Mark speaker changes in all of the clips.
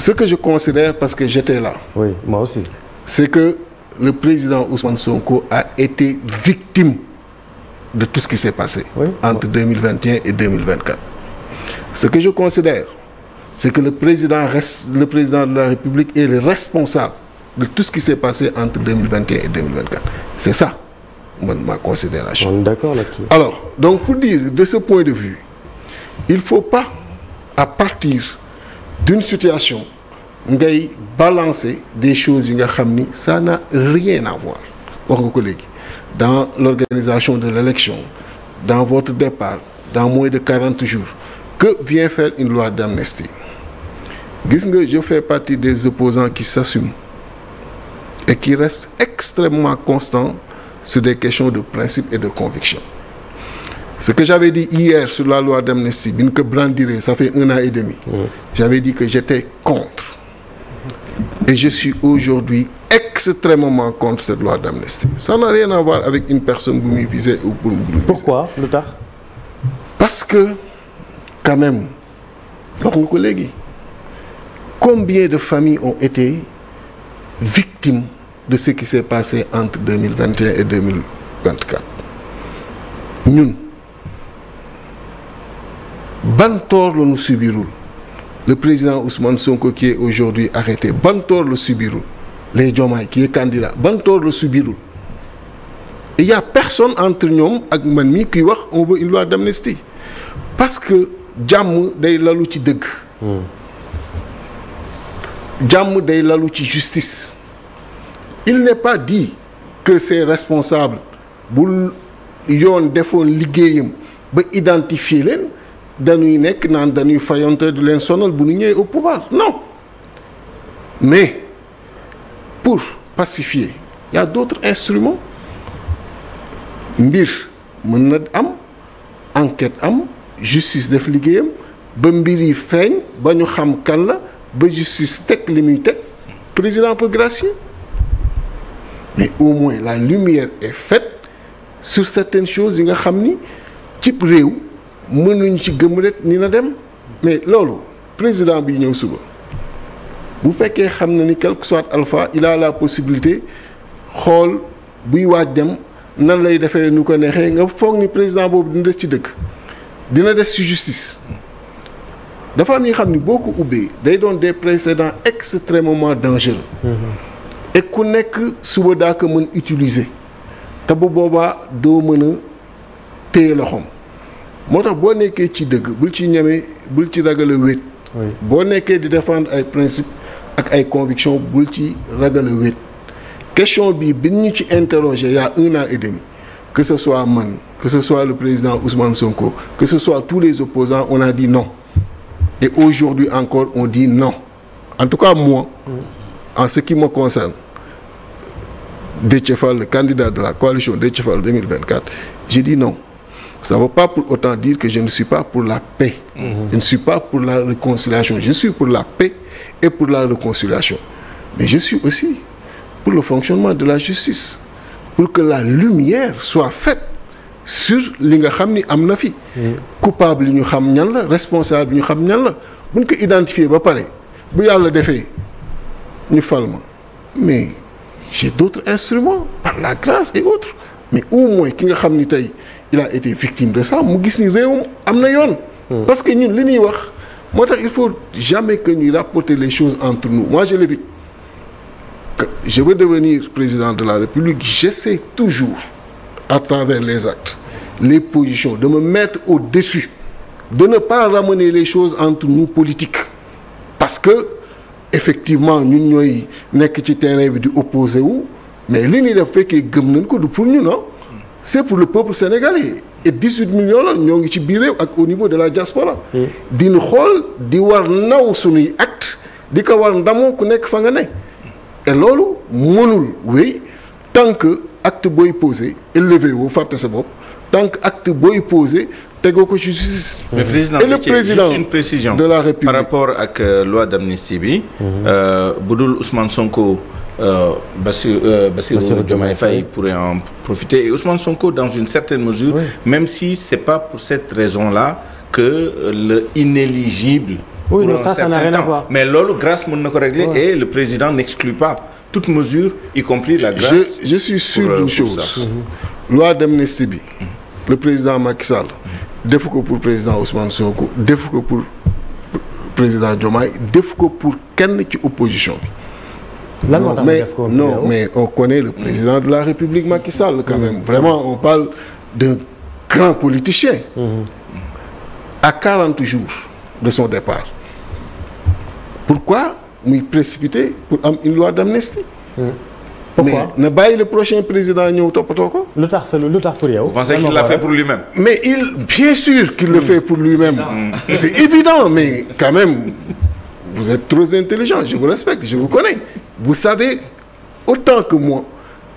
Speaker 1: ce que je considère, parce que j'étais là, oui, moi c'est que le président Ousmane Sonko a été victime de tout ce qui s'est passé oui. entre 2021 et 2024. Ce que je considère, c'est que le président, reste, le président de la République est le responsable de tout ce qui s'est passé entre 2021 et 2024. C'est ça, ma considération. On est d'accord là-dessus. Alors, donc pour dire, de ce point de vue, il ne faut pas, à partir d'une situation ngay balancer des choses yi nga xam ni ça n'a rien à voir wax nga ko léegi dans l'organisation de l'élection dans votre départ dans moins de 40 jours que vient faire une loi d'amnistie gis nga je fais partie des opposants qui s'assument et qui restent extrêmement constants sur des questions de principe et de conviction Ce que j'avais dit hier sur la loi d'amnistie, bien que brandiré, ça fait un an et demi, mmh. j'avais dit que j'étais contre. Et je suis aujourd'hui extrêmement contre cette loi d'amnistie. Ça n'a rien à voir avec une personne que vous me visez ou pour me visez. Pourquoi, le tard Parce que, quand même, mon collègue, combien de familles ont été victimes de ce qui s'est passé entre et ban tort la ñu subirul le président Ousmane Sonko qui est aujourd'hui arrêté ban tort la subirul les Diomaye qui est candidat ban tort la subirul il y personne entre ñoom ak man mi kuy wax on veut une loi d'amnistie parce que jàmm day lalu ci dëgg jàmm day lalu ci justice il n'est pas dit que c'est responsable bul yoon defoon liggéeyam ba identifier leen dañuy nekk naan dañuy fayante du leen sonal bu ñu ñëwee au pouvoir non mais pour pacifier y a d'autres mbir mën na am enquête am justice def liggéeyam ba mbir yi feeñ ba ñu xam kan la ba justice teg li muy teg président peut gracier mais au moins la lumière est faite sur certaines choses yi nga xam ni cib réew mënuñ ci gëm rek ni na dem mais loolu président bi ñëw suba bu fekkee xam na ni quel que soit alpha il a la possibilité xool buy waaj dem nan lay defee nu ko neexee nga foog ni président boobu dina des ci dëkk dina des ci justice dafa am ñi xam ni boo ko ubbee day doon des précédents extrêmement dangereux mm-hmm. et ku nekk suba daa ko mën utiliser te bu boobaa doo mën a téye loxoom moo tax boo nekkee ci dëgg bul ci ñeme bul ci ragal a wéet boo nekkee di défendre ay principe ak ay conviction bul ci ragal a wéet question bi bi ñu ci interrogé il y a un an et demi que ce soit man que ce soit le président Ousmane Sonko que ce soit tous les opposants on a dit non et aujourd'hui encore on dit non en tout cas moi en ce qui me concerne Déthié Fall le candidat de la coalition Déthié Fall 2024 j'ai dit non Ça ne veut pas pour autant dire que je ne suis pas pour la paix. Mmh. Je ne suis pas pour la réconciliation. Je suis pour la paix et pour la réconciliation. Mais je suis aussi pour le fonctionnement de la justice. Pour que la lumière soit faite sur li nga xam ni am na fi. Mhm. coupable yi ñu xam ñan la responsable yi ñu xam ñan la buñ ko identifier ba pare bu yàlla defee ñu fal ma mais j'ai d'autres instruments par la grâce et autres mais au moins ki nga xam ni tey. il a été victime de ça mu gis ni réewum am na yoon. Hmm. parce que ñun li ñuy wax moo tax il faut jamais que ñuy rapporter les choses entre nous moi je l'évite je veux devenir président de la République j'essaie toujours à travers les actes les positions de me mettre au-dessus de ne pas ramener les choses entre nous politiques parce que effectivement ñun ñooy nekk ci terrain bi di opposé wu mais li ñuy def fekkee gëm nañ ko du pour ñun ah c'est pour le peuple sénégalais et 18 millions la ñoo ngi ci biir réew ak au niveau de la diaspora mm. dinu xool di war naw suñuy acte di ko war ndamoo ku nekk fa nga ne et loolu mënul wéy tant acte booy posé élevé woo fàtte sa bopp tant que acte booy posé tegoo ko ci justice mm. mais président et le président précision de la république par rapport ak euh, loi d'amnistie bi mm-hmm. euh, bu dul Ousmane Sonko Euh, euh, Bassirou Bassirou Diomaye Faye pourrait en profiter et Ousmane Sonko dans une certaine mesure oui. même si c'est pas pour cette raison-là que le inéligible oui, pour non, certain temps mais loolu grâce mën na ko régler et le président n'exclut pas toute mesure y compris la grâce je, je suis sûr euh, d'une bi mm -hmm. le président Macky pour président Ousmane Sonko defu ko pour président Diomaye defu ko pour kenn ci opposition lan moo tax ñu def non mais on connaît le président de la République Macky Sall quand même vraiment on parle d'un grand politicien mm-hmm. à jours de son départ pourquoi muy précipité pour am une loi d'amnistie mm-hmm. pourquoi mais na bàyyi le prochain président ñëw toppatoo ko. lu tax lu tax pour yow. vous pensez qu'il l'a fait pour lui-même. mais il bien sûr qu'il le mm. fait pour lui-même. Mm. c'est évident mais quand même vous êtes trop intelligent je vous respecte je vous connais. vous savez autant que moi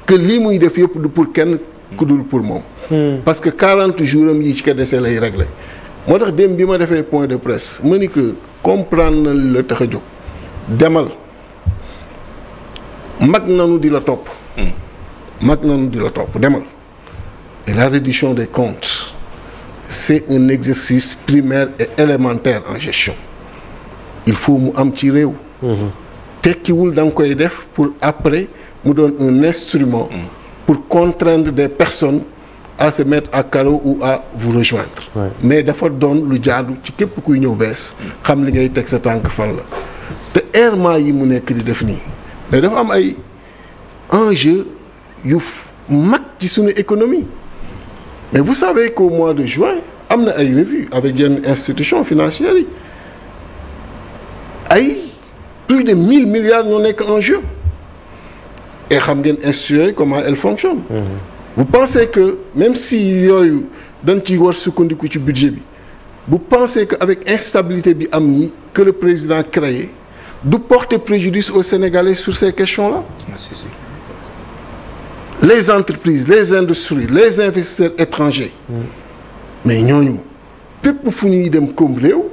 Speaker 1: que lii muy def yëpp pour kenn ku dul pour moom. Hmm. parce que 40 jours am yi ci ka dese lay réglé. moo tax démb bi ma defee point de presse ma ni que comprendre na la tax a jóg demal mag nanu di la topp. Hmm. mag nanu di la topp demal. et la reddition des comptes c'est un exercice primaire et élémentaire en gestion il faut mu am ci réew. Hmm. tekkiwul da nga koy def pour après mu doon un instrument mm. pour contraindre des personnes à se mettre à carreau ou à vous rejoindre mais dafa doon lu jaadu ci képp kuy ñëw bees xam li ngay teg sa tànk fan la te errement yi mu nekk di def nii mais dafa am ay enjeu yu mag ci suñu économie mais vous savez qu'au mois de juin am na ay revue avec yenn institution financières yi ay plus de mille milliards ñoo nekk en jeu et xam ngeen institutions comment elle fonctionnent. Mhm. vous pensez que même si yooyu dañ ci war sukkandiku ci budget bi vous pensez que avec instabilité bi am nii que le président créé du porter préjudice aux Sénégalais sur ces questions-là. Ah, si, si. les entreprises les industries les investisseurs étrangers. Mmh. mais ñooñu fépp fu ñuy dem comme réew.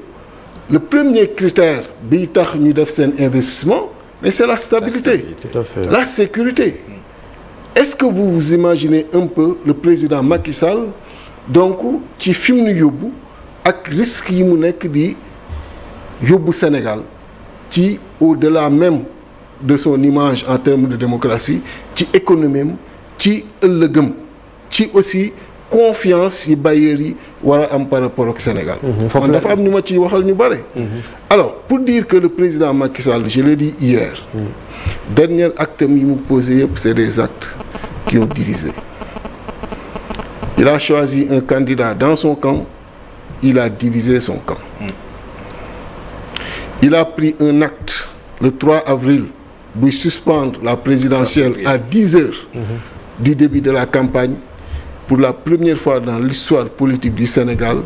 Speaker 1: le premier critère bi tax ñu def seen investissement mais c'est la stabilité, la stabilité. Tout à sécurité est-ce que vous vous imaginez un peu le président Macky Sall donc ci fi nu yóbbu ak risque yi mu nekk di yóbbu Sénégal ci au-delà même de son image en termes de démocratie ci économie am ci ëllëgëm ci aussi confiance yi bailleurs yi war am par rapport ak Sénégal. Mhm. foofu dafa am ñu ma ciy waxal ñu bare. Mhm. alors pour dire que le président Macky Sall je l'ai dit hier. Mhm. dernier acte yi mu posé yëpp c'est des actes qui ont divisé. il a choisi un candidat dans son camp il a divisé son camp. il a pris un acte le 3 avril buy suspendre la présidentielle à 10 heures. du début de la campagne. pour la première fois dans l'histoire politique du Sénégal,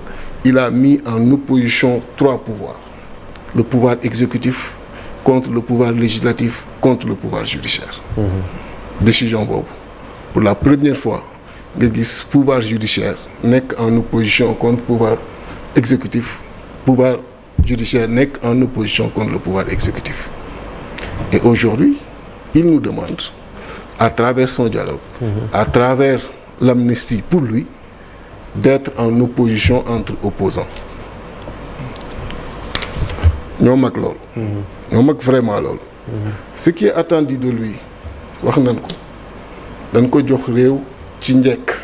Speaker 1: il a mis en opposition trois pouvoirs. Le pouvoir exécutif contre le pouvoir législatif, contre le pouvoir judiciaire. Mhm. Décision Bob. Pour la première fois, le pouvoir judiciaire n'est en opposition contre le pouvoir exécutif. pouvoir judiciaire n'est en opposition contre le pouvoir exécutif. Et aujourd'hui, il nous demande, à travers son dialogue, mhm. l'amnistie pour lui d'être en opposition entre opposants ñoo mag loolu mm-hmm. ñoo mag vraiment loolu mm-hmm. ce qui est de lui wax nañ ko dañ ko jox réew ci njëkk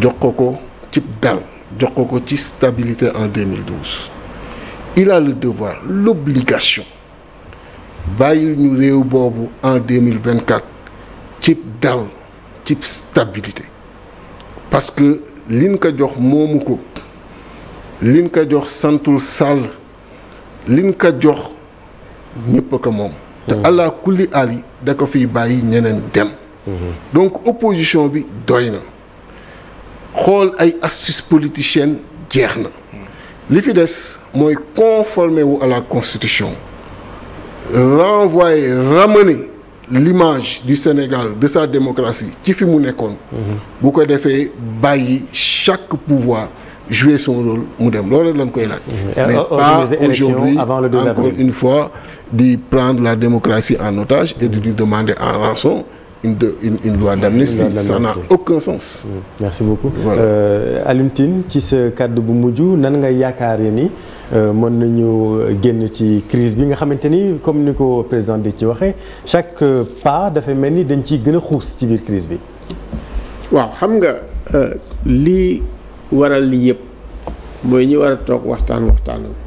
Speaker 1: jox ko ko cib dal jox ko ko ci stabilité en 2012 il a le devoir l'obligation bàyyi ñu réew boobu en 2024 cib dal ci stabilité parce que liñ ko jox moomu ko liñ ko jox santul sàll liñ ko jox ñëpp ko moom te hmm. allah kulli ali da ko fi bàyyi ñeneen dem hmm. donc opposition bi doy na xool ay astuce politicienne jeex na li fi des mooy conformer wu à la constitution renvoyer ramener l'image du Sénégal de sa démocratie ci fi mu nekkoon. bu ko defee bàyyi chaque pouvoir jouer son rôle mu dem loolu rek lañ koy laaj. Mhm. mais euh, pas aujourd'hui encore une fois di prendre la démocratie en otage et de lui mhm. demander en rançon. une une une loi d'amnistie ça n'a aucun sens. Mhm. merci beaucoup. voilà euh, Alioune ci sa kàddu bu mujj nan nga yaakaaree ni. Euh, mën nañu euh, génn ci crise bi nga xamante ni comme ni ko président di ci waxee chaque euh, pas dafa mel ni dañ ciy gën a xuus ci biir crise bi. waaw xam nga lii waral lii yëpp mooy ñi war toog waxtaan waxtaanam